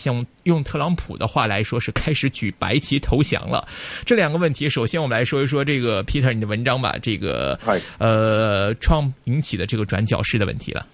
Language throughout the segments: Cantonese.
像用特朗普的話來說，是開始舉白旗投降了。這兩個問題，首先我們來說一說這個 Peter 你的文章吧。這個，誒，Trump 是、呃、引起的這個轉角式的問題啦。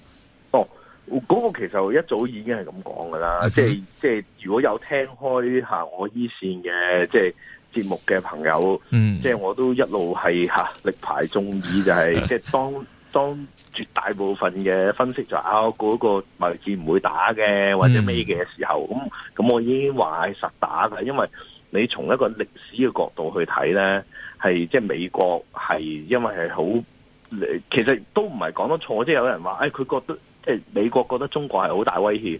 哦，嗰、那個其實我一早已經係咁講噶啦，即係即係如果有聽開吓我醫綫嘅即係節目嘅朋友，嗯、即係我都一路係吓力排眾議就係、是、 即係當。當絕大部分嘅分析就是、啊，嗰個位置唔會打嘅，或者咩嘅時候，咁咁我已經話係實打嘅，因為你從一個歷史嘅角度去睇咧，係即係美國係因為係好，其實都唔係講得錯，即係有人話，誒、哎、佢覺得即係美國覺得中國係好大威脅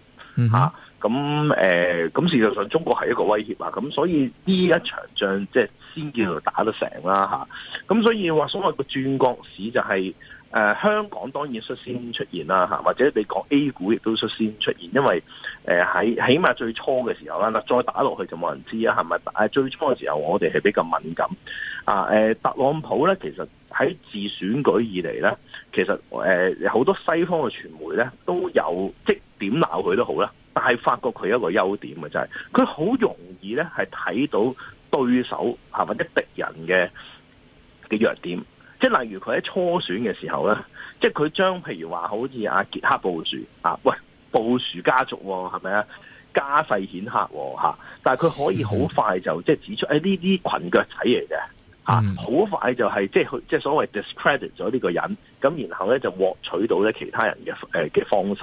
嚇，咁誒咁事實上中國係一個威脅啊，咁所以呢一場仗即係先叫做打得成啦嚇，咁、啊、所以話所謂個轉國史就係、是。誒、呃、香港當然率先出現啦，嚇或者你講 A 股亦都率先出現，因為誒喺、呃、起碼最初嘅時候啦，嗱再打落去就冇人知啦，係咪？誒最初嘅時候，是時候我哋係比較敏感啊！誒、呃，特朗普咧，其實喺自選舉以嚟咧，其實誒好、呃、多西方嘅傳媒咧都有即點鬧佢都好啦，但係發覺佢一個優點嘅就係佢好容易咧係睇到對手係咪啲敵人嘅嘅弱點。即係例如佢喺初選嘅時候咧，即係佢將譬如話好似阿傑克布殊啊，喂，布殊家族係咪啊，家世顯赫喎、哦，但係佢可以好快就即係指出，呢啲、mm hmm. 哎、群腳仔嚟嘅好快就係、是、即係即係所謂 discredit 咗呢個人，咁然後咧就獲取到咧其他人嘅誒嘅芳心，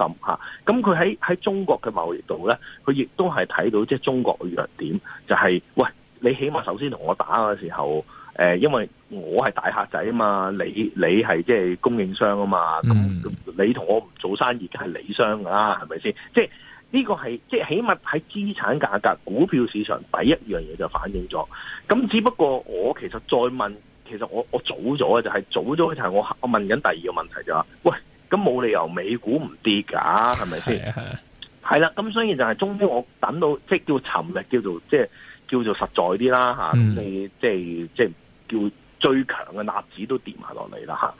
咁佢喺喺中國嘅貿易度咧，佢亦都係睇到即係中國嘅弱點、就是，就係喂你起碼首先同我打嘅時候。誒，因為我係大客仔啊嘛，你你係即係供應商啊嘛，咁、嗯、你同我唔做生意嘅係理商㗎啦，係咪先？即係呢、這個係即係起碼喺資產價格、股票市場第一樣嘢就反映咗。咁只不過我其實再問，其實我我早咗嘅就係早咗，就係、是、我我問緊第二個問題就話，喂，咁冇理由美股唔跌噶、啊，係咪先？係啦的，咁所以就係終於我等到即係叫尋日叫做即係叫做實在啲啦吓，咁、啊嗯、你即係即係。叫最強嘅納指都跌埋落嚟啦，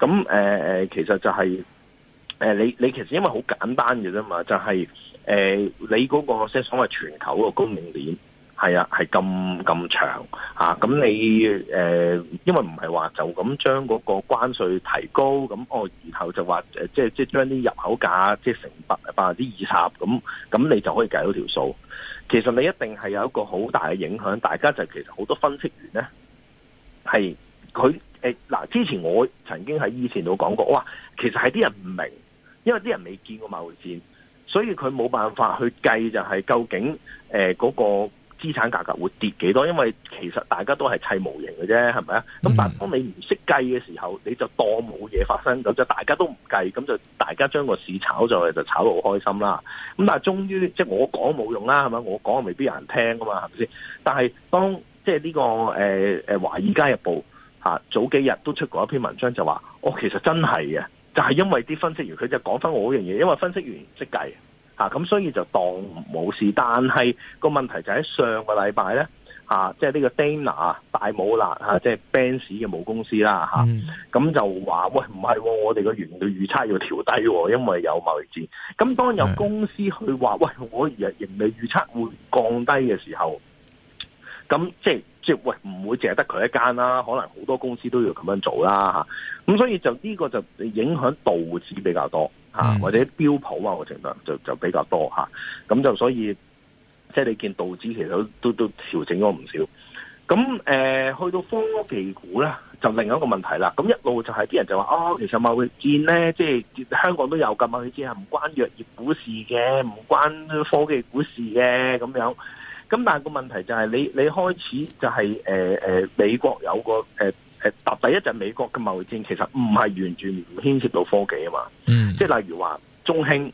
嚇咁其實就係、是呃、你你其實因為好簡單嘅啫嘛，就係、是呃、你嗰個即係所謂全球嗰個供應鏈係啊，係咁咁長咁，啊、你、呃、因為唔係話就咁將嗰個關稅提高，咁我然後就話即係即係將啲入口價即係成百百分之二十咁咁，你就可以計到條數。其實你一定係有一個好大嘅影響，大家就其實好多分析員咧。係佢誒嗱，之前我曾經喺以前度講過，哇，其實係啲人唔明，因為啲人未見過貿易戰，所以佢冇辦法去計就係究竟誒嗰個資產價格會跌幾多，因為其實大家都係砌模型嘅啫，係咪啊？咁但當你唔識計嘅時候，你就當冇嘢發生咁，就大家都唔計，咁就大家將個市炒咗去，就炒得好開心啦。咁但係終於，即係我講冇用啦，係咪？我講未必有人聽噶嘛，係咪先？但係當。即係、這、呢個誒誒、呃、華爾街日報早、啊、幾日都出過一篇文章就說，就話我其實真係嘅，就係、是、因為啲分析員佢就講翻我嗰樣嘢，因為分析員唔識計咁、啊、所以就當冇事。但係個問題就喺上個禮拜咧，即係呢個 Daimler 啦，即係 Benz 嘅母公司啦咁、啊嗯、就話喂，唔係、啊、我哋嘅盈利預測要調低、啊，因為有貿易戰。咁當有公司去話喂我盈利預測會降低嘅時候。咁即係即係喂，唔會淨係得佢一間啦，可能好多公司都要咁樣做啦吓。咁、啊、所以就呢個就影響道指比較多吓、啊，或者標普啊我程度就就比較多吓。咁、啊、就所以即係你見道指其實都都調整咗唔少。咁誒、呃，去到科技股咧，就另一個問題啦。咁一路就係、是、啲人就話哦，其實貿易戰咧，即係香港都有㗎嘛。」佢知係唔關藥業股市嘅，唔關科技股市嘅咁樣。咁但係個問題就係你你開始就係誒誒美國有個誒誒、呃、第一就係美國嘅貿易戰其實唔係完全唔牽涉到科技啊嘛，嗯、即係例如話中興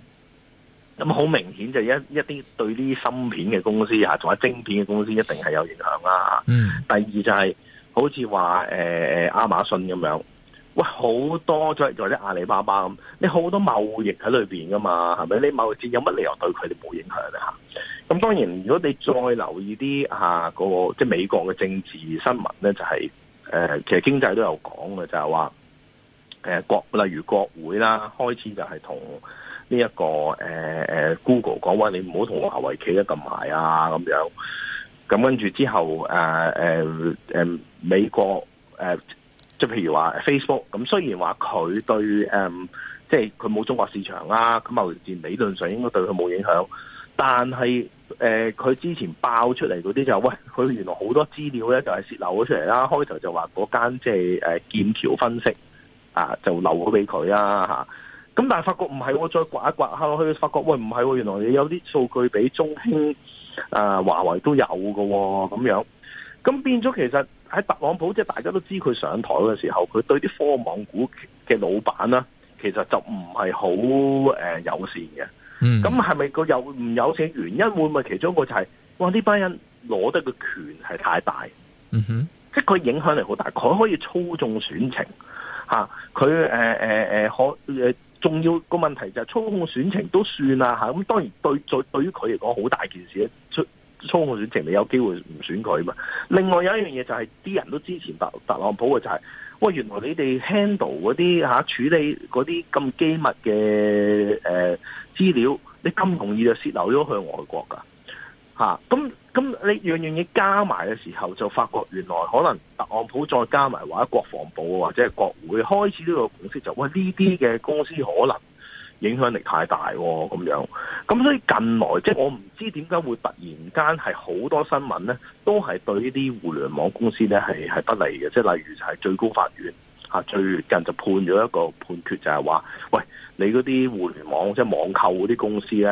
咁好明顯就一一啲對呢啲芯片嘅公司啊，同埋晶片嘅公司一定係有影響啦。嗯、第二就係、是、好似話誒誒亞馬遜咁樣，喂好多再再啲阿里巴巴咁，你好多貿易喺裏邊噶嘛，係咪？你貿易戰有乜理由對佢哋冇影響啊？咁當然，如果你再留意啲嚇、啊那個即係美國嘅政治新聞咧，就係、是、誒、呃、其實經濟都有講嘅，就係話誒國例如國會啦，開始就係同呢一個誒、呃、Google 講話，你唔好同華為企得咁埋啊咁樣。咁跟住之後誒、呃呃、美國誒、呃呃，即係譬如話 Facebook。咁雖然話佢對誒即係佢冇中國市場啦咁矛自理論上應該對佢冇影響，但係。誒，佢、呃、之前爆出嚟嗰啲就是，喂，佢原來好多資料咧就係泄漏咗出嚟啦。開頭就話嗰間即係誒劍橋分析啊，就留咗俾佢啦吓。咁、啊、但係發覺唔係、哦，我再刮一刮下落去，發覺喂唔係、哦，原來你有啲數據俾中興啊、華為都有嘅咁、哦、樣。咁變咗其實喺特朗普即係大家都知佢上台嘅時候，佢對啲科網股嘅老闆啦，其實就唔係好誒友善嘅。咁係咪個有唔有成原因？會唔會其中一個就係、是，哇呢班人攞得個權係太大，嗯哼，即係佢影響力好大，佢可以操縱選情，吓佢誒誒誒可誒、呃、重要個問題就係操控選情都算啦吓，咁當然對於對，對於佢嚟講好大件事咧，操控選情你有機會唔選佢嘛？另外有一樣嘢就係、是、啲人都支持特特朗普嘅就係、是，喂，原來你哋 handle 嗰啲吓、啊、處理嗰啲咁機密嘅誒。呃資料你咁容易就洩漏咗去外國噶，吓，咁咁你樣樣嘢，加埋嘅時候，就發覺原來可能特朗普再加埋或者國防部或者係國會開始都有共識，就喂，呢啲嘅公司可能影響力太大喎，咁樣，咁所以近來即係我唔知點解會突然間係好多新聞咧，都係對呢啲互聯網公司咧係係不利嘅，即係例如就係最高法院。啊！最近就判咗一個判決，就係話：喂，你嗰啲互聯網即係網購嗰啲公司咧，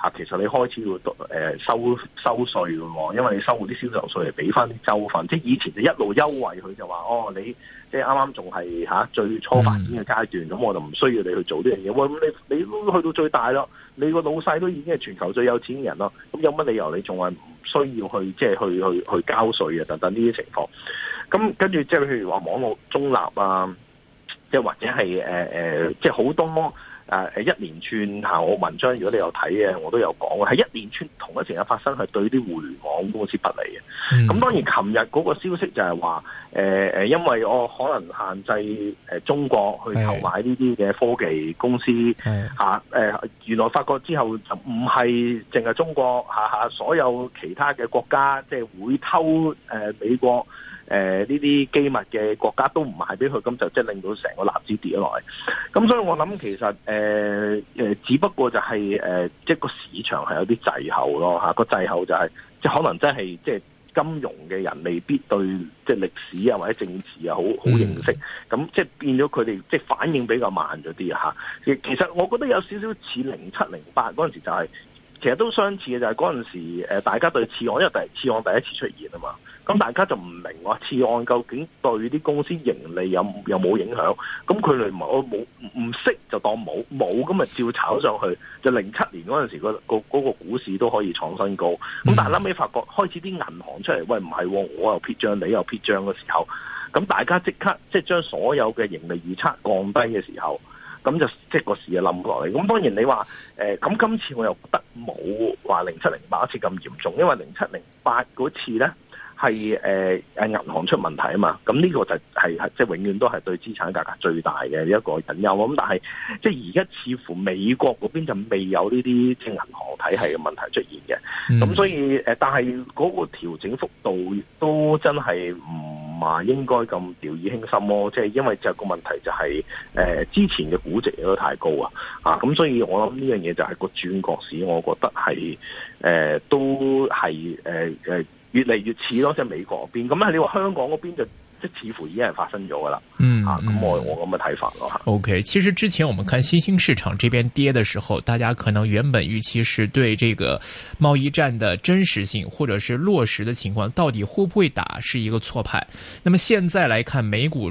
嚇，其實你開始要誒收收稅嘅喎，因為你收嗰啲銷售稅嚟俾翻啲州份。即係以前就一路優惠佢，就話：哦，你即係啱啱仲係嚇最初發展嘅階段，咁我就唔需要你去做呢樣嘢。喂，你你都去到最大咯，你個老細都已經係全球最有錢嘅人咯，咁有乜理由你仲係唔需要去即係去去去交稅啊？等等呢啲情況。咁跟住，即係譬如話網絡中立啊、呃，即係或者係誒誒，即係好多誒一連串下我文章，如果你有睇嘅，我都有講嘅，係一連串同一時間發生，係對啲互聯網公司不利嘅。咁、嗯、當然，琴日嗰個消息就係話，誒、呃、誒，因為我可能限制誒中國去購買呢啲嘅科技公司吓，誒、啊呃、原來發覺之後就唔係淨係中國下下，所有其他嘅國家，即係會偷誒、呃、美國。誒，呢啲、呃、機密嘅國家都唔賣俾佢，咁就即係令到成個立子跌咗落嚟。咁所以我諗其實，誒、呃呃、只不過就係、是呃、即係個市場係有啲滯後咯，個、啊、滯後就係、是、即係可能真係即係金融嘅人未必對即係歷史啊或者政治啊好好認識，咁、嗯嗯、即係變咗佢哋即反應比較慢咗啲、啊、其實我覺得有少少似零七零八嗰陣時就係、是，其實都相似嘅就係嗰陣時、呃、大家對次按因為第次按第一次出現啊嘛。咁大家就唔明話次案究竟對啲公司盈利有有冇影響？咁佢哋冇唔識就當冇冇，咁咪照炒上去。就零七年嗰陣時個個嗰個股市都可以創新高。咁但係後尾發覺開始啲銀行出嚟，喂唔係喎，我又撇帳，你又撇帳嘅時候，咁大家即刻即係將所有嘅盈利預測降低嘅時候，咁就即係個市就冧落嚟。咁當然你話誒咁今次我又覺得冇話零七零八次咁嚴重，因為零七零八嗰次咧。係誒誒、銀、呃、行出問題啊嘛，咁呢個就係即係永遠都係對資產價格，格最大嘅一個隱憂。咁但係即係而家似乎美國嗰邊就未有呢啲嘅銀行體系嘅問題出現嘅，咁、嗯、所以誒，但係嗰個調整幅度都真係唔係應該咁掉以輕心咯，啊。即、就、係、是、因為就個問題就係、是、誒、呃，之前嘅估值都太高啊，啊咁，所以我諗呢樣嘢就係個轉角市，我覺得係誒、呃、都係誒誒。呃越嚟越似咯，即係美國嗰邊。咁啊，你話香港嗰邊就即似乎已經係發生咗㗎喇。嗯，啊，咁我我咁嘅睇法咯。OK，其實之前我們看新興市場這邊跌的時候，嗯、大家可能原本預期是對這個貿易戰的真實性，或者是落實的情況，到底會不會打是一個錯判。那麼現在來看美股。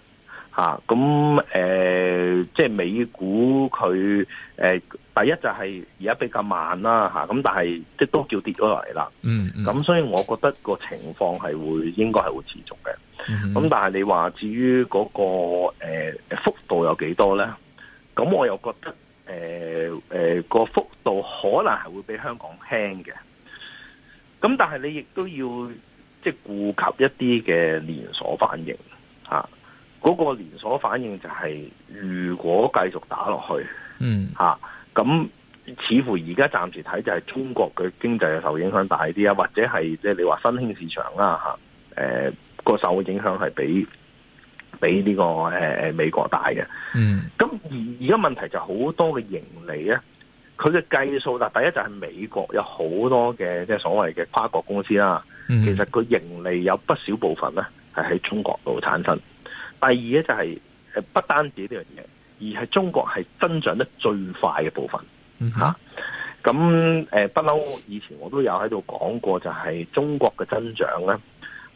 吓，咁誒、呃，即係美股佢誒、呃，第一就係而家比較慢啦，吓，咁但係即係都叫跌咗落嚟啦，嗯、mm，咁、hmm。所以我覺得個情況係會應該係會持續嘅，咁、mm hmm。但係你話至於嗰、那個誒、呃、幅度有幾多咧？咁我又覺得誒誒個幅度可能係會比香港輕嘅，咁但係你亦都要即係顧及一啲嘅連鎖反應。嗰個連鎖反應就係，如果繼續打落去，嗯嚇，咁、啊、似乎而家暫時睇就係中國嘅經濟受影響大啲啊，或者係即係你話新興市場啦、啊、嚇，誒、呃、個受影響係比比呢、呢個誒、呃、美國大嘅，嗯，咁而而家問題就好多嘅盈利咧，佢嘅計數嗱，第一就係美國有好多嘅即係所謂嘅跨國公司啦，嗯、其實佢盈利有不少部分咧係喺中國度產生。第二咧就係誒不單止呢樣嘢，而係中國係增長得最快嘅部分嚇。咁誒不嬲，以前我都有喺度講過，就是是、呃，就係中國嘅增長咧，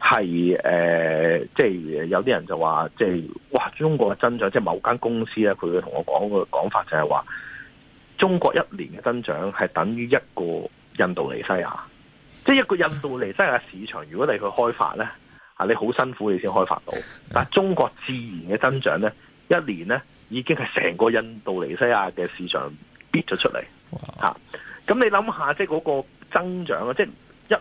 係誒即係有啲人就話，即、就、係、是、哇，中國嘅增長即係、就是、某間公司咧，佢嘅同我講過嘅講法就係話，中國一年嘅增長係等於一個印度尼西亞，即、就、係、是、一個印度尼西亞市場，如果你去開發咧。啊！你好辛苦，你先開發到，但係中國自然嘅增長咧，一年咧已經係成個印度尼西亞嘅市場逼咗出嚟嚇。咁哇、啊、你諗下，即係嗰個增長啊！即、就、係、係、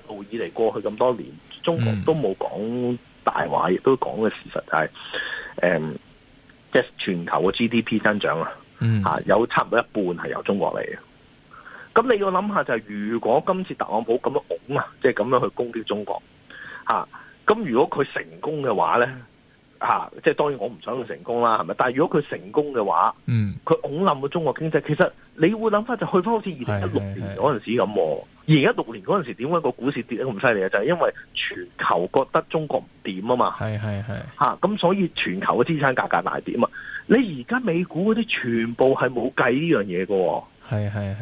一路以嚟過去咁多年，中國都冇講大話，嗯、亦都講嘅事實就係誒，即係全球嘅 GDP 增長啊嚇，有差唔多一半係由中國嚟嘅。咁你要諗下、就係，就係如果今次特朗普咁樣拱啊，即係咁樣去攻擊中國嚇。啊。咁如果佢成功嘅話咧，吓，即係當然我唔想佢成功啦，係咪？但係如果佢成功嘅話，嗯，佢恐冧個中國經濟，其實你會諗翻就去翻好似二零一六年嗰陣時咁，二零一六年嗰陣時點解個股市跌得咁犀利啊？就係因為全球覺得中國唔掂啊嘛，係係係，吓，咁所以全球嘅資產價格大跌啊嘛。你而家美股嗰啲全部係冇計呢樣嘢㗎，係係係，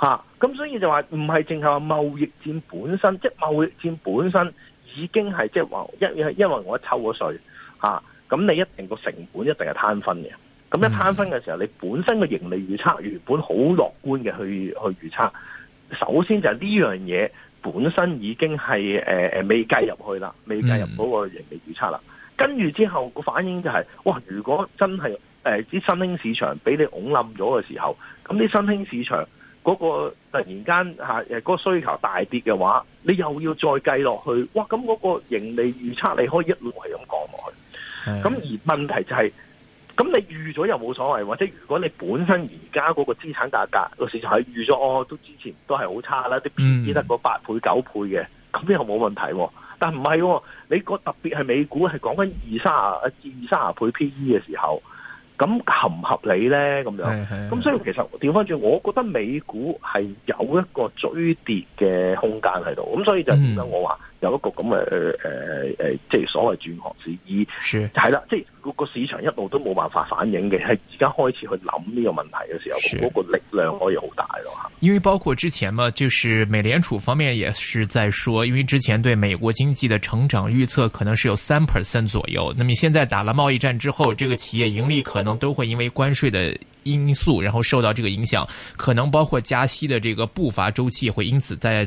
吓，咁所以就話唔係淨係話貿易戰本身，即係貿易戰本身。已經係即係話，因因為我一抽咗稅嚇，咁、啊、你一定個成本一定係攤分嘅。咁一攤分嘅時候，你本身嘅盈利預測原本好樂觀嘅，去去預測。首先就係呢樣嘢本身已經係誒誒未計入去啦，未計入嗰個盈利預測啦。跟住之後個反應就係、是，哇！如果真係誒啲新興市場俾你拱冧咗嘅時候，咁啲新興市場。嗰個突然間嚇誒嗰個需求大跌嘅話，你又要再計落去，哇！咁嗰個盈利預測，你可以一路係咁降落去。咁的、嗯、而問題就係、是，咁你預咗又冇所謂，或者如果你本身而家嗰個資產價格到時就係、是、預咗，哦都之前都係好差啦，啲 P E 得個八倍九倍嘅，咁又冇問題。但唔係，你個特別係美股係講緊二三十一至二三十倍 P E 嘅時候。咁合唔合理咧？咁樣，咁是所以其實調翻轉，我覺得美股係有一個追跌嘅空間喺度，咁所以就點解我話？嗯有一個咁嘅誒誒，即係所謂轉行市，係啦是，即係個市場一路都冇辦法反映嘅，係而家開始去諗呢個問題嘅時候，嗰是個力量可以好大咯嚇。因為包括之前嘛，就是美聯儲方面也是在說，因為之前對美國經濟的成長預測可能是有三 percent 左右，那麼現在打了貿易戰之後，這個企業盈利可能都會因為關稅的因素，然後受到這個影響，可能包括加息的這個步伐周期會因此在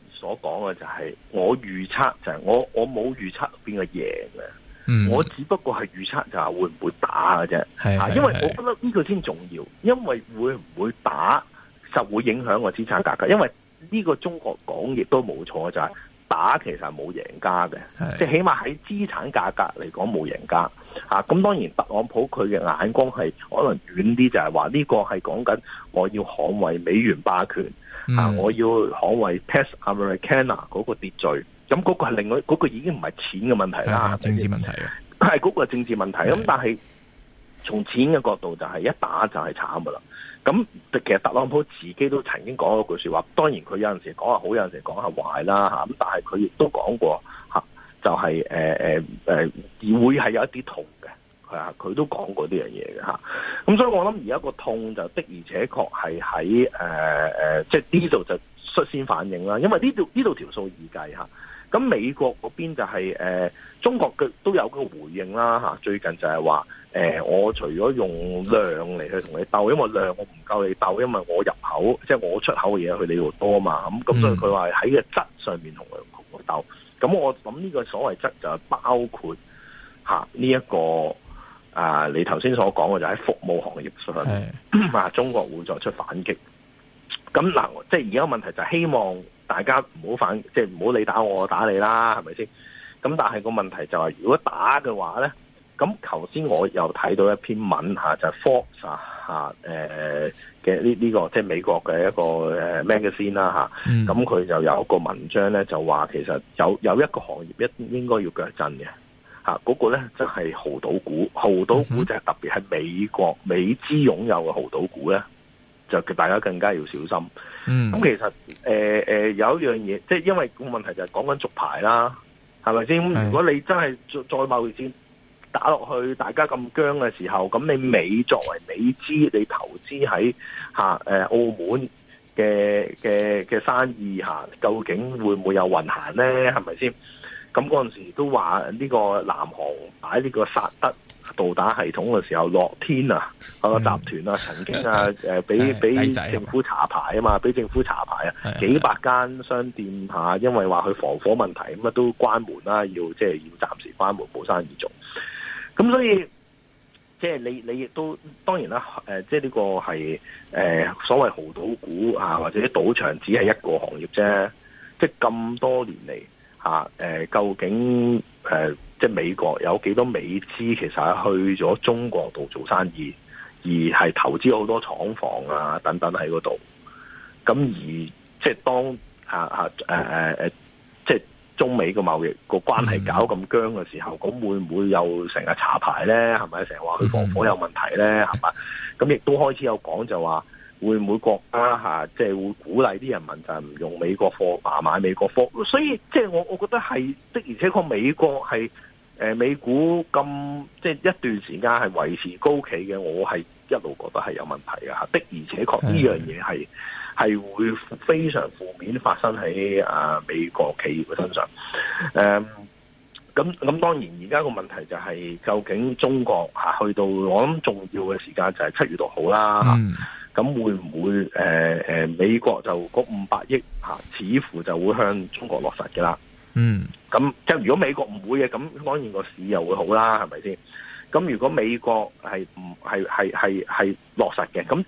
所講嘅就係我預測就係我我冇預測邊個贏嘅，嗯、我只不過係預測就係會唔會打嘅啫，嚇！是因為我覺得呢個先重要，因為會唔會打實會影響個資產價格，因為呢個中國講亦都冇錯就係、是、打其實係冇贏家嘅，即係是是 起碼喺資產價格嚟講冇贏家嚇。咁、啊、當然特朗普佢嘅眼光係可能遠啲，就係話呢個係講緊我要捍衞美元霸權。啊！嗯、我要捍衛 Pax Americana、ah、嗰個秩序，咁嗰個係另外嗰個，嗰個已經唔係錢嘅問題啦、啊，政治問題啊，係嗰、嗰個政治問題。咁的但係從錢嘅角度，就係一打就係慘噶啦。咁其實特朗普自己都曾經講過句說話，當然佢有陣時講下好，有陣時講下壞啦吓。咁但係佢亦都講過吓、就係，就係誒誒誒，會係有一啲痛嘅。佢都講過呢樣嘢嘅嚇，咁所以我諗而家個痛就的而且確係喺誒即係呢度就率先反應啦。因為呢度呢度條數易計嚇，咁美國嗰邊就係誒中國嘅都有個回應啦嚇。最近就係話誒，我除咗用量嚟去同你鬥，因為量我唔夠你鬥，因為我入口即係我出口嘅嘢去你度多嘛。咁咁所以佢話喺個質上面同我鬥。咁我諗呢個所謂質就係包括嚇呢一個。啊！你頭先所講嘅就喺服務行業上，啊是，中國會作出反擊。咁嗱，即係而家問題就係希望大家唔好反，即係唔好你打我，我打你啦，係咪先？咁但係個問題就係、是，如果打嘅話咧，咁頭先我又睇到一篇文吓、啊，就 Fox 吓誒嘅呢呢個即係美國嘅一個誒 magazine 先啦吓，咁佢、嗯、就有一個文章咧就話，其實有有一個行業一應該要腳震嘅。吓嗰、啊那個咧就係豪賭股，豪賭股就係特別係、嗯、美國美資擁有嘅豪賭股咧，就大家更加要小心。嗯，咁其實誒誒、呃呃、有一樣嘢，即係因為個問題就係講緊續牌啦，係咪先？是如果你真係再再貿易戰打落去，大家咁僵嘅時候，咁你美作為美資，你投資喺吓誒澳門嘅嘅嘅生意吓、啊，究竟會唔會有運行咧？係咪先？咁嗰陣時都話呢個南韓擺呢個薩德導彈系統嘅時候，樂天啊，個集團啊，曾經啊，誒、呃，俾俾政府查牌啊嘛，俾政府查牌啊，幾百間商店吓、啊，因為話佢防火問題，咁啊都關門啦、啊，要即係要暫時關門冇生意做。咁所以，即係你你亦都當然啦，誒、呃，即係呢個係誒、呃、所謂豪賭股啊，或者賭場只係一個行業啫，即係咁多年嚟。啊！誒，究竟誒、啊，即係美國有幾多美資其實去咗中國度做生意，而係投資好多廠房啊，等等喺嗰度。咁而即係當啊啊誒誒誒，即係、啊啊啊、中美嘅貿易個關係搞咁僵嘅時候，咁、嗯、會唔會又成日查牌咧？係咪成日話佢防火有問題咧？係嘛？咁亦都開始有講就話。會唔會國家吓，即、啊、係、就是、會鼓勵啲人民就係唔用美國貨啊，買美國貨？所以即係、就是、我，我覺得係的，而且確美國係誒、呃、美股咁，即、就、係、是、一段時間係維持高企嘅，我係一路覺得係有問題㗎。吓。的而且確呢樣嘢係係會非常負面發生喺、啊、美國企業嘅身上。誒、嗯，咁咁當然，而家個問題就係、是、究竟中國吓、啊、去到我諗重要嘅時間就係七月六號啦。嗯咁會唔會誒誒、呃、美國就嗰五百億吓，似乎就會向中國落實嘅啦。嗯，咁即係如果美國唔會嘅，咁當然個市又會好啦，係咪先？咁如果美國係唔係係係係落實嘅，咁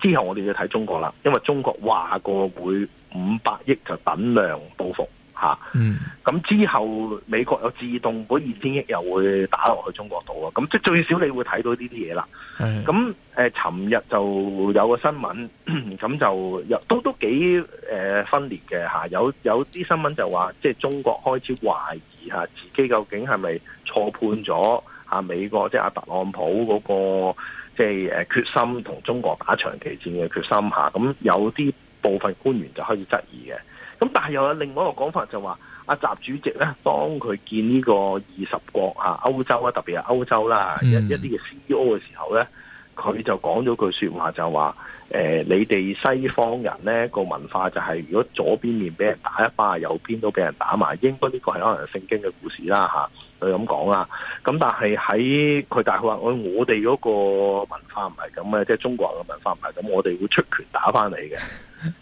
之後我哋要睇中國啦，因為中國話過會五百億就等量報復。吓，咁、嗯、之後美國有自動嗰二千億又會打落去中國度啊，咁即係最少你會睇到呢啲嘢啦。咁誒的，尋日、呃、就有個新聞，咁就又都都幾、呃、分裂嘅嚇。有有啲新聞就話，即、就、係、是、中國開始懷疑嚇自己究竟係咪錯判咗嚇、啊、美國，即、就、係、是、阿特朗普嗰、那個即係誒決心同中國打長期戰嘅決心嚇。咁、啊、有啲部分官員就開始質疑嘅。咁但係又有另外一個講法就話，阿習主席咧，當佢見呢個二十國歐洲啊，特別係歐洲啦，一一啲嘅 CEO 嘅時候咧，佢就講咗句說話就話。誒、呃，你哋西方人咧，個文化就係，如果左邊面俾人打一巴，右邊都俾人打埋，應該呢個係可能聖經嘅故事啦吓，佢咁講啦。咁但係喺佢但係佢話我哋嗰個文化唔係咁嘅，即係中國人嘅文化唔係咁，我哋會出拳打翻你嘅。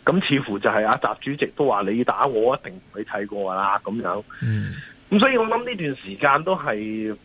咁似乎就係阿習主席都話你打我一定唔會睇過噶啦，咁樣。咁所以我諗呢段時間都係。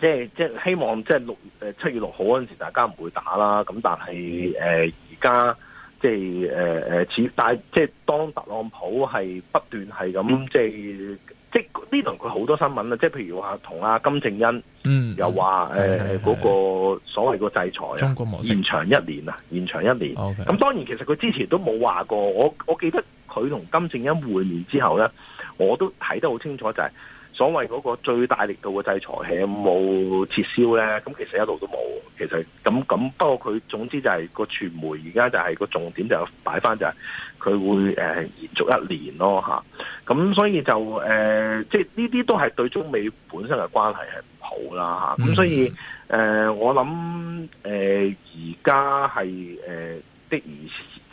即係即係希望即係六誒七月六號嗰陣時大家唔會打啦，咁但係誒而家即係誒誒似但係即係當特朗普係不斷係咁即係即係呢輪佢好多新聞啦，即係譬如話同阿金正恩嗯，又話誒嗰個所謂個制裁中國模式延長一年啊，延長一年。咁 Okay 當然其實佢之前都冇話過，我我記得佢同金正恩會面之後咧，我都睇得好清楚就係、是。所謂嗰個最大力度嘅制裁係冇撤銷咧，咁其實一路都冇。其實咁咁，不過佢總之就係個傳媒而家就係個重點就擺翻就係佢會誒、呃、延續一年咯嚇。咁所以就誒、呃，即係呢啲都係對中美本身嘅關係係唔好啦嚇。咁所以誒、呃，我諗誒而家係誒的而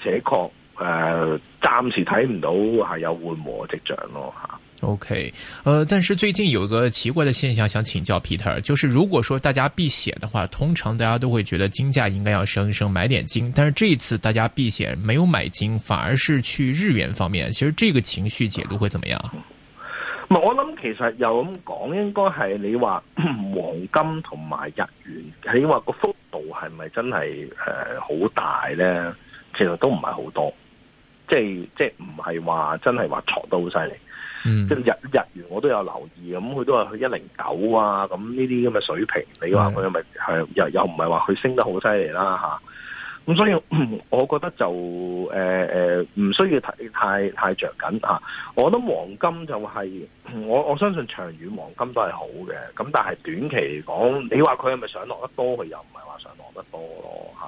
且確誒、呃、暫時睇唔到係有緩和嘅跡象咯嚇。OK，呃，但是最近有一個奇怪的現象，想請教 Peter，就是如果說大家避險的話，通常大家都會覺得金價應該要升一升，買點金。但是這一次大家避險沒有買金，反而是去日元方面。其實這個情緒解讀會怎麼樣？我諗其實又咁講，應該係你話黃金同埋日元，你話個幅度係咪真係誒好大咧？其實都唔係好多，即係即係唔係話真係話挫到好犀利。嗯，即係日日元我都有留意，咁佢都話去一零九啊，咁呢啲咁嘅水平，你話佢係咪係又又唔係話佢升得好犀利啦吓？咁、啊、所以我覺得就誒誒，唔、呃、需要睇太太着緊吓。我諗黃金就係、是、我我相信長遠黃金都係好嘅，咁但係短期嚟講，你話佢係咪想落得多，佢又唔係話想落得多咯吓。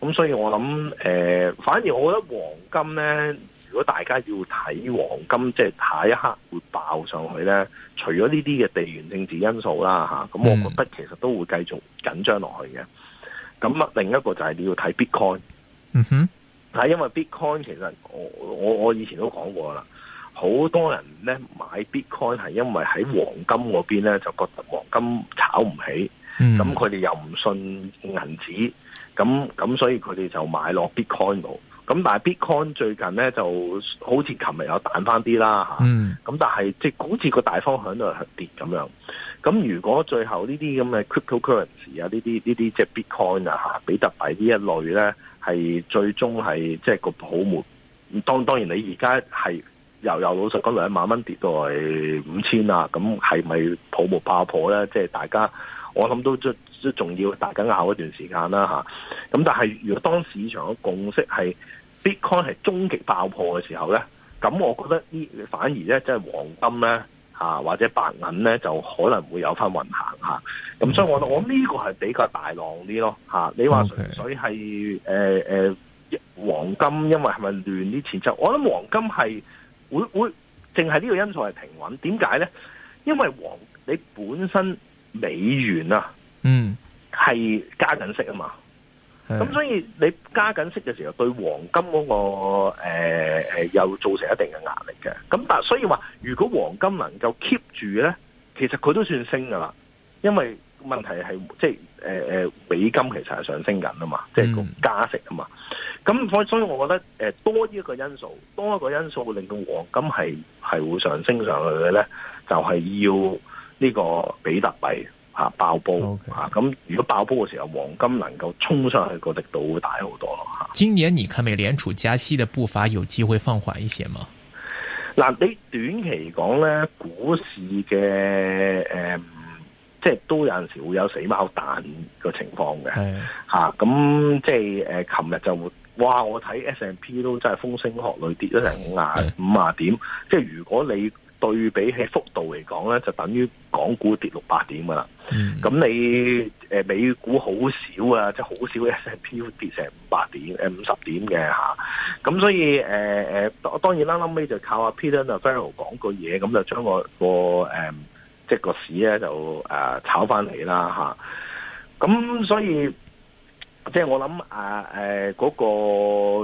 咁、啊、所以我諗誒、呃，反而我覺得黃金咧。如果大家要睇黃金，即係下一刻會爆上去咧，除咗呢啲嘅地緣政治因素啦，吓，咁我覺得其實都會繼續緊張落去嘅。咁啊，另一個就係你要睇 Bitcoin，嗯哼，mm hmm. 但係因為 Bitcoin 其實我我我以前都講過啦，好多人咧買 Bitcoin 係因為喺黃金嗰邊咧就覺得黃金炒唔起，咁佢哋又唔信銀紙，咁咁所以佢哋就買落 Bitcoin 度。咁但係 Bitcoin 最近咧就好似琴日有彈翻啲啦，咁但係即係好似個大方向都係跌咁樣。咁如果最後呢啲咁嘅 cryptocurrency 啊，呢啲呢啲即係 Bitcoin 啊、比特幣呢一類咧，係最終係即係個泡沫。當然你而家係由由老實講兩萬蚊跌到嚟五千啊，咁係咪泡沫爆破咧？即係大家我諗都仲要大家拗一段時間啦。咁但係如果當市場嘅共識係 Bitcoin 係終極爆破嘅時候咧，咁我覺得呢反而咧，即係黃金咧嚇或者白銀咧就可能會有翻運行嚇。咁所以我我呢個係比較大浪啲咯嚇。你話純粹係誒誒黃金，因為係咪亂啲前質？我諗黃金係會會淨係呢個因素係平穩。點解咧？因為黃你本身美元啊，嗯，係加緊息啊嘛。咁所以你加緊息嘅時候，對黃金嗰、那個誒、呃、又造成一定嘅壓力嘅。咁但係所以話，如果黃金能夠 keep 住咧，其實佢都算升噶啦。因為問題係即係誒誒美金其實係上升緊啊嘛，即、就、係、是、個加息啊嘛。咁所所以，我覺得、呃、多呢一個因素，多一個因素令到黃金係係會上升上去嘅咧，就係、是、要呢個比特幣。啊爆煲吓，咁 Okay,、啊、如果爆煲嘅時候，黃金能夠衝上去，個力度會大好多咯吓。啊、今年你看美聯儲加息的步伐有機會放緩一些嗎？嗱、啊，你短期講咧，股市嘅誒、嗯，即係都有陣時會有死貓彈嘅情況嘅吓，咁的、啊、即係誒，琴、呃、日就會哇，我睇 S&P 都真係風聲鶴唳，跌咗成五啊五啊點，的即係如果你。對比起幅度嚟講咧，就等於港股跌六百點噶啦。咁、嗯、你誒美股好少，就是少呃、啊，即係好少一隻股跌成五百點誒五十點嘅嚇。咁所以誒、呃、當然啦，臨尾就靠阿 Peter 和 Navarro 講句嘢，咁就將個個誒、呃、即係個市咧就誒、呃、炒翻嚟啦嚇。咁、啊、所以即係我諗啊嗰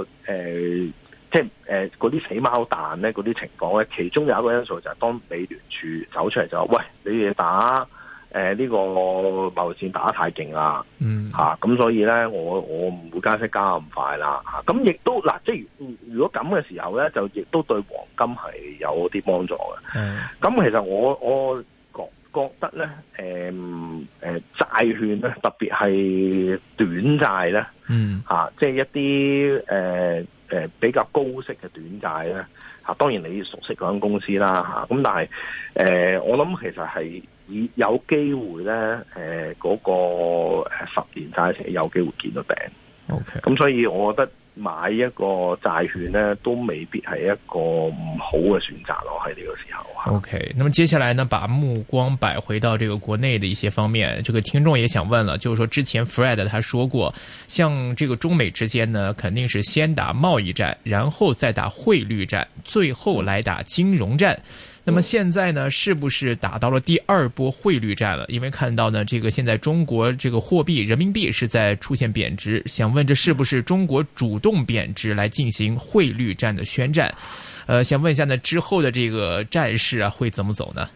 個、呃即係誒，嗰、呃、啲死貓彈咧，嗰啲情況咧，其中有一個因素就係當美聯儲走出嚟就話，喂，你哋打誒呢、呃這個貿易戰打得太勁啦，嗯，吓咁、啊，所以咧，我我唔會加息加咁快啦，吓咁亦都嗱、啊，即係如果咁嘅時候咧，就亦都對黃金係有啲幫助嘅。咁、嗯、其實我我覺覺得咧，誒、呃、誒，債、呃、券咧，特別係短債咧，嗯，吓、啊，即係一啲誒。呃誒比較高息嘅短債咧嚇，當然你要熟悉嗰間公司啦嚇。咁但係誒、呃，我諗其實係以有機會咧，誒嗰個十年債息有機會見到頂。OK，咁、嗯、所以我覺得。買一個債券呢，都未必係一個唔好嘅選擇咯，喺呢個時候。OK，那麼接下來呢，把目光擺回到這個國內的一些方面。這個聽眾也想問了，就是說之前 Fred 他說過，像這個中美之間呢，肯定是先打貿易戰，然後再打匯率戰，最後來打金融戰。那麼現在呢，是不是打到了第二波匯率戰了？因為看到呢，這個現在中國這個貨幣人民幣是在出現貶值，想問這是不是中國主動貶值來進行匯率戰的宣戰？呃，想問一下呢，之後的這個戰事啊會怎麼走呢？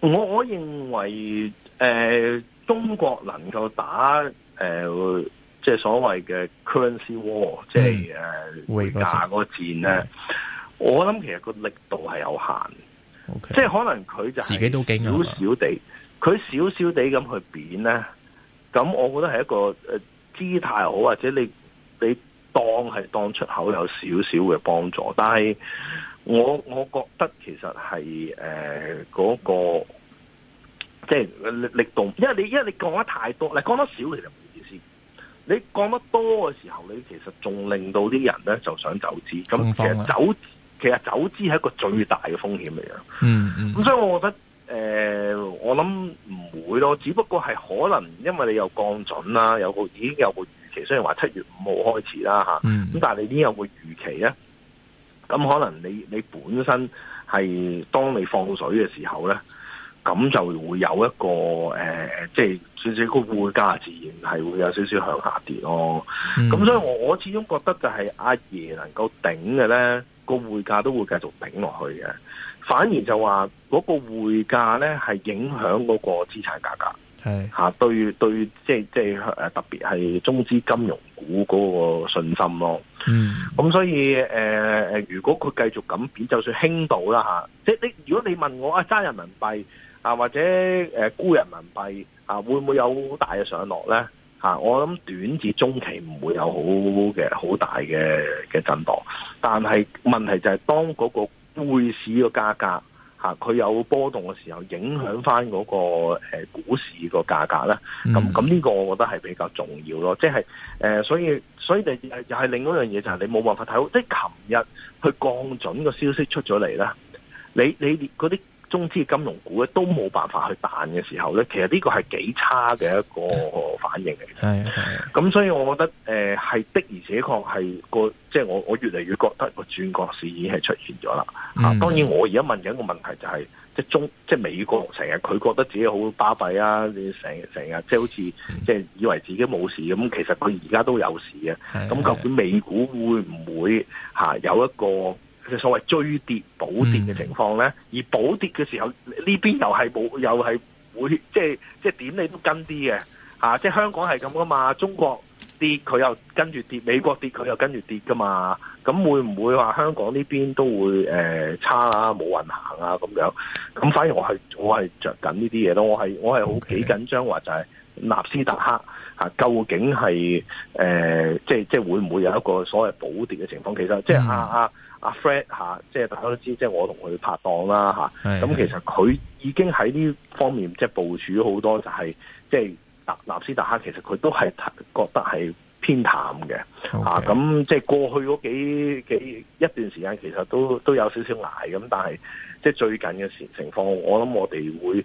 我我認為，誒、呃，中國能夠打誒、呃、即係所謂嘅 currency war，、哎、即係誒匯價嗰個戰呢，哎、我諗其實個力度係有限。Okay，即係可能佢就係少少地，佢少少地咁去貶咧，咁我覺得係一個誒姿態好，或者你你當係當出口有少少嘅幫助，但係我我覺得其實係誒嗰個即係力力度，因為你因為你降得太多，你降得少你就唔好意思，你降得多嘅時候，你其實仲令到啲人咧就想走資，咁其實走風風，啊其實走資係一個最大嘅風險嚟嘅，嗯，咁所以我覺得，誒、呃，我諗唔會咯，只不過係可能，因為你有降準啦，有個已經有個預期，雖然話七月五號開始啦，吓、嗯，咁但係你已經有個預期咧，咁可能你你本身係當你放水嘅時候咧，咁就會有一個，誒、呃，即係少少高估嘅價，自然係會有少少向下跌咯，咁、嗯、所以我我始終覺得就係阿爺能夠頂嘅咧。個匯價都會繼續頂落去嘅，反而就話嗰、那個匯價咧係影響嗰個資產價格，係吓的、啊、對對，即係即係誒，特別係中資金融股嗰個信心咯。嗯，咁、啊、所以誒誒、呃，如果佢繼續咁變，就算輕度啦吓、啊，即係你如果你問我啊，揸人民幣啊或者誒沽、呃、人，人民幣啊，會唔會有好大嘅上落咧？啊！我諗短至中期唔會有好嘅好大嘅嘅震盪，但係問題就係當嗰個匯市個價格佢有波動嘅時候，影響翻嗰個誒股市個價格咧。咁咁呢個我覺得係比較重要咯。即係誒，所以所以就又係另一樣嘢就係、是、你冇辦法睇好。即係琴日去降準嘅消息出咗嚟啦，你你嗰啲，中資金融股咧都冇辦法去彈嘅時候咧，其實呢個係幾差嘅一個反應嚟嘅。係、嗯，咁所以我覺得誒係、呃、的是，而且確係個即係我我越嚟越覺得個轉角市已經係出現咗啦。嗯、啊，當然我而家問緊一個問題就係、是，即係中即係美國成日佢覺得自己好巴閉啊，成成日即係好似即係以為自己冇事咁，其實佢而家都有事嘅。咁是究竟美股會唔會嚇、啊、有一個？就所謂追跌補跌嘅情況咧，嗯、而補跌嘅時候，呢邊又係冇，又係會即係即係點你都跟啲嘅吓，即係香港係咁㗎嘛，中國跌佢又跟住跌，美國跌佢又跟住跌㗎嘛，咁會唔會話香港呢邊都會誒、呃、差啦、啊，冇運行啊咁樣？咁反而我係我係著緊呢啲嘢咯，我係我係好幾緊張話 Okay. 就係納斯達克。啊，究竟係誒、呃，即係即係會唔會有一個所謂補跌嘅情況？其實即係、嗯、啊啊阿 Fred 吓、啊，即係大家都知，即係我同佢拍檔啦吓。咁、啊、的其實佢已經喺呢方面即係部署咗好多，就係、是、即係納納斯達克，其實佢都係覺得係偏淡嘅。Okay. 啊，咁即係過去嗰幾幾一段時間，其實都都有少少挨咁，但係即係最近嘅情情況，我諗我哋會。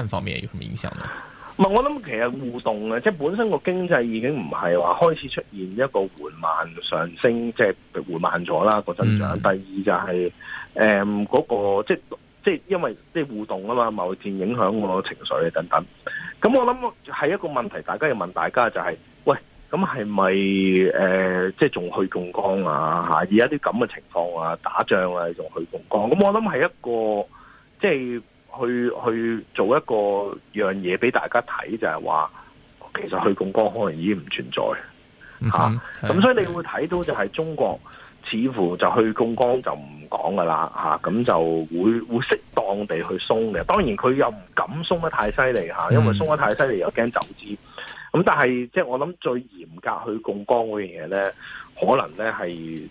方面有咩影響咧？唔係我諗，其實互動即係本身個經濟已經唔係話開始出現一個緩慢上升，即係緩慢咗啦，個增長。嗯、第二就係、是、誒、嗰，嗯那個即係即係因為即係互動啊嘛，貿易戰影響我情緒等等。咁我諗係一個問題，大家要問大家就係、是、喂，咁係咪誒，即係仲去槓桿啊？吓而家啲咁嘅情況啊，打仗啊，仲去槓桿？咁我諗係一個即係。去去做一個樣嘢俾大家睇，就係、是、話其實去槓桿可能已經唔存在吓，咁所以你會睇到就係中國似乎就去槓桿就唔講噶啦吓，咁、啊、就會會適當地去鬆嘅，當然佢又唔敢鬆得太犀利吓，啊嗯、因為鬆得太犀利又驚走資，咁但係即係我諗最嚴格去槓桿嗰樣嘢咧，可能咧係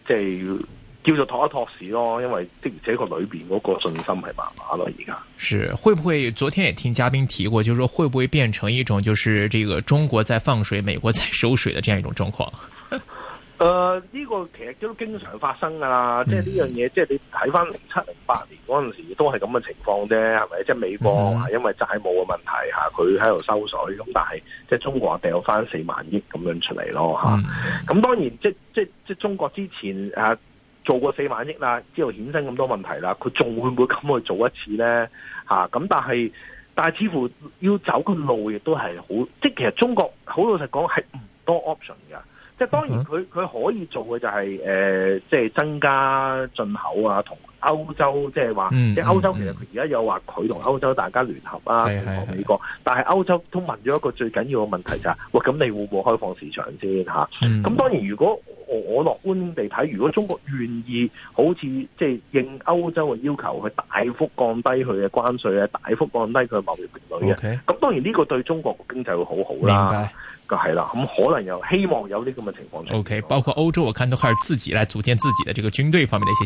即係。就是叫做托一托市咯，因為的而且個裏邊嗰個信心係麻麻咯，而家是會唔會？昨天也聽嘉賓提過，就是、說會不會變成一種，就是這個中國在放水，美國在收水的這樣一種狀況。誒、 呃，呢、這個其實都經常發生噶啦，即係呢樣嘢，即係你睇翻零七零八年嗰陣時都係咁嘅情況啫，係咪？即係美國因為債務嘅問題吓，佢喺度收水咁，但係即係中國掉翻四萬億咁樣出嚟咯，吓、嗯。咁、啊、當然，即即即，即中國之前誒。啊做過四萬億啦，之後衍生咁多問題啦，佢仲會唔會咁去做一次咧？吓、啊、咁，但係但係似乎要走嘅路亦都係好，即係其實中國好老實講係唔多 option 噶。即係當然佢佢可以做嘅就係、是、誒、呃，即係增加進口啊，同歐洲、就是嗯、即係話，即係歐洲其實佢而家有話佢同歐洲大家聯合啊，對抗美國。但係歐洲都問咗一個最緊要嘅問題就係、是，喂，咁你會唔會開放市場先？吓、啊，咁當然如果。我樂觀地睇，如果中國願意，好似即係應歐洲嘅要求，去大幅降低佢嘅關稅啊，大幅降低佢嘅貿易條例，咁當然呢個對中國經濟會好好啦。明白，就係啦，咁可能又希望有呢咁嘅情況 OK，包括歐洲，我看到開自己來組建自己嘅這個軍隊方面的一些。